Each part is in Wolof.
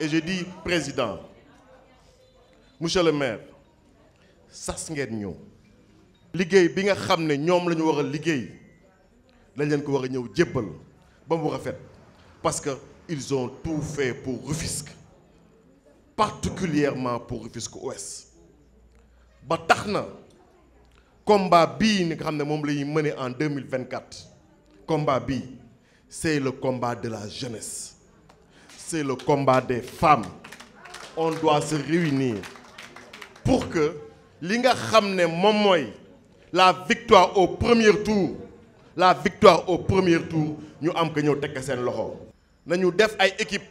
et je dis président monsieur le maire ça c'est nous. Ce bi nga xam parce que ont tout fait pour Rufisque particulièrement pour Rufisque Ouest ba combat que nous avons en 2024 combat c'est le combat de la jeunesse c'est le combat des femmes on doit se réunir pour que Linga nga xam la victoire au premier tour la victoire au premier tour nous am que ñëw Nous seen loxo. nañu def ay équipe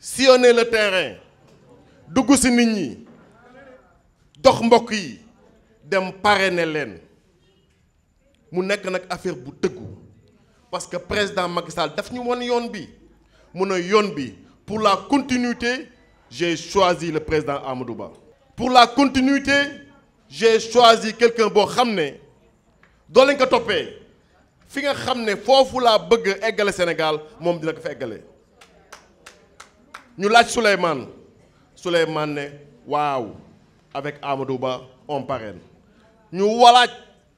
sillonner le terrain dugg ci nit ñi dox mbokk yi dem parrainer len. mu nek affaire bu parce que président Macky Sall fait won mu bi pour la continuité j'ai choisi le président Amadou pour la continuité j'ai choisi quelqu'un qui xam Dans doo leen ko toppee fi nga xam ne foofu bëgg égaler Sénégal moom dina ko fa eggale ñu Souleymane Souleymane avec Amadou on parraine ñu walaaj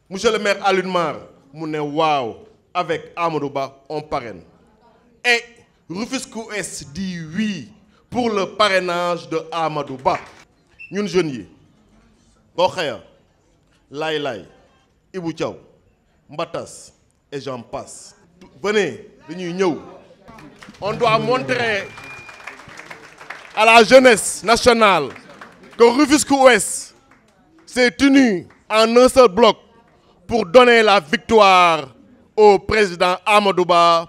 monsieur le maire Alunmar. Mar mu ne avec Amadou on parraine et Rufisque Ouest dit oui pour le parrainage de Amadouba. Ba ñun jeunes yi Mbatas et j'en passe venez on doit montrer à la jeunesse nationale que Rufus Ouest s'est tenu en un seul bloc pour donner la victoire au président Amadouba.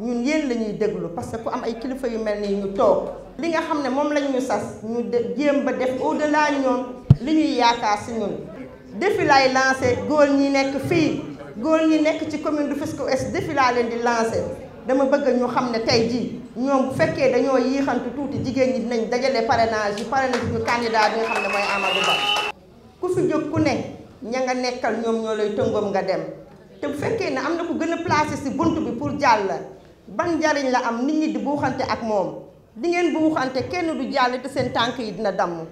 ñun yéen la ñuy déglu parce que ku am ay kilifa yu mel nii ñu toog li nga xam ne moom lañ ñu sas ñu jéem ba def au delà ñoom li ñuy yaakaar si ñun. défi laay lancé góor ñi nekk fii góor ñi nekk ci commune du Rufisque Ouest défi laa leen di lancé dama bëgg ñu xam ne tey jii ñoom bu fekkee dañoo yéexantu tuuti jigéen ñi dinañ dajale parrainage yi parrainage ñu candidat bi nga xam ne mooy Amadou Ba ku fi jóg ku ne. ña nga nekkal ñoom ñoo lay tëngoom nga dem te bu fekkee ne am na ku gën a placé si bunt bi pour jàll ban jariñ la am nit ñi di buuxante ak moom di ngeen buuxante kenn du jàll te seen tànk yi dina damm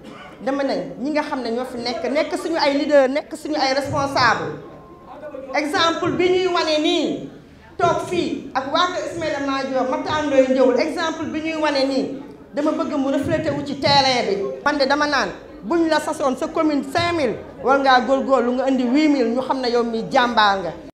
dama ne ñi nga xam ne ñoo fi nekk nekk suñu ay leader nekk suñu ay responsable exemple bi ñuy wane nii toog fii ak waa kër Ismaïla Madior Matar Ndoye Ndiéwène exemple bi ñuy wane nii dama bëgg mu reflété wu ci terrain bi man de dama naan buñ la sasoon sa commune 5000 war ngaa lu nga indi 8000 ñu xam ne yow mi jàmbaar nga